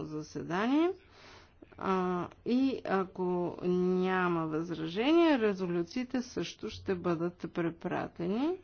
заседание. А, и ако няма възражения, резолюциите също ще бъдат препратени.